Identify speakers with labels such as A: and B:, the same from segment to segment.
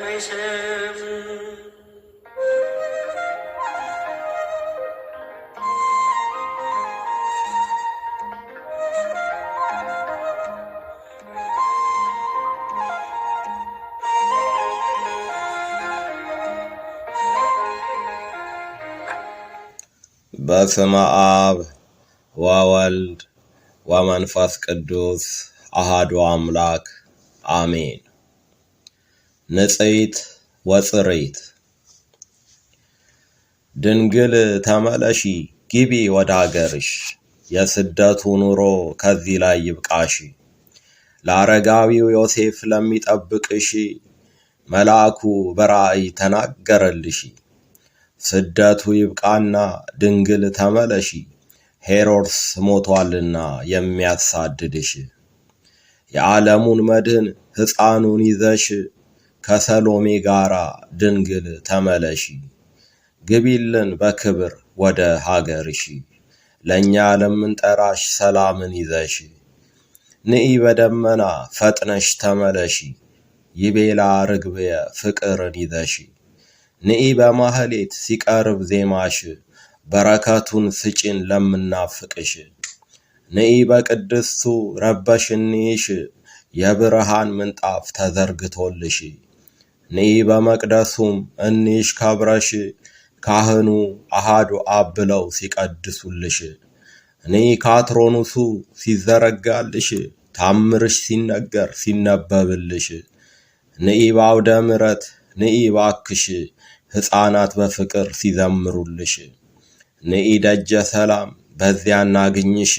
A: meşem
B: በስመ አብ ወወልድ ወመንፈስ ቅዱስ አሃዱ አምላክ አሜን። ነጸይት ወፅሬት ድንግል ተመለሺ ግቢ ወደ አገርሽ፣ የስደቱ ኑሮ ከዚህ ላይ ይብቃሽ። ለአረጋዊው ዮሴፍ ለሚጠብቅሽ መልአኩ በራእይ ተናገረልሽ። ስደቱ ይብቃና ድንግል ተመለሺ፣ ሄሮድስ ሞቷልና የሚያሳድድሽ። የዓለሙን መድህን ሕፃኑን ይዘሽ ከሰሎሜ ጋራ ድንግል ተመለሺ፣ ግቢልን በክብር ወደ ሀገርሺ፣ ለእኛ ለምንጠራሽ ሰላምን ይዘሽ ንኢ በደመና ፈጥነሽ ተመለሺ፣ ይቤላ ርግብየ ፍቅርን ይዘሽ ንኢ በማህሌት ሲቀርብ ዜማሽ፣ በረከቱን ስጪን ለምናፍቅሽ ንኢ በቅድስቱ ረበሽንይሽ፣ የብርሃን ምንጣፍ ተዘርግቶልሽ ንኢ በመቅደሱም እኒሽ ከብረሽ ካህኑ አሃዱ አብ ብለው ሲቀድሱልሽ ንኢ ካትሮኑሱ ሲዘረጋልሽ ታምርሽ ሲነገር ሲነበብልሽ ንኢ በአውደ ምረት ንኢ ባክሽ ሕፃናት በፍቅር ሲዘምሩልሽ ንኢ ደጀ ሰላም በዚያ እናግኝሽ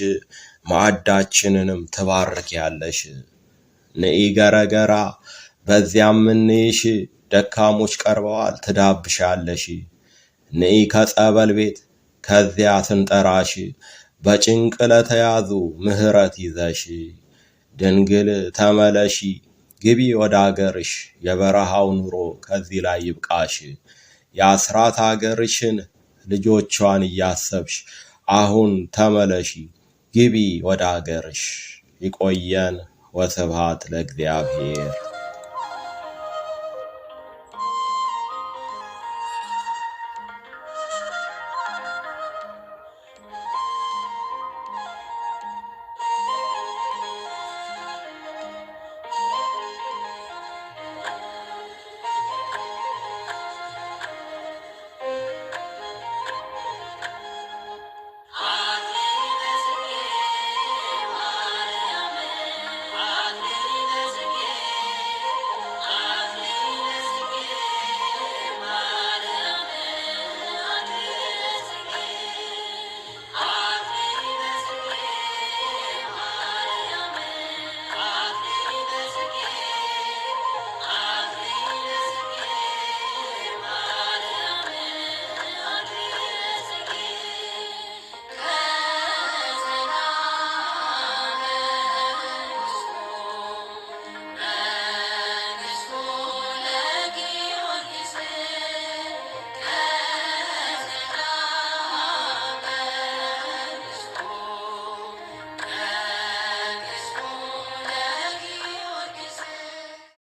B: ማዕዳችንንም ትባርኪያለሽ ንኢ ገረገራ በዚያም ምንይሽ ደካሞች ቀርበዋል ትዳብሻለሽ። ንኢ ከጸበል ቤት ከዚያ ስንጠራሽ በጭንቅ ለተያዙ ምህረት ይዘሽ ድንግል ተመለሺ ግቢ ወደ አገርሽ የበረሃው ኑሮ ከዚህ ላይ ይብቃሽ። የአስራት አገርሽን ልጆቿን እያሰብሽ አሁን ተመለሺ ግቢ ወደ አገርሽ። ይቆየን። ወስብሐት ለእግዚአብሔር።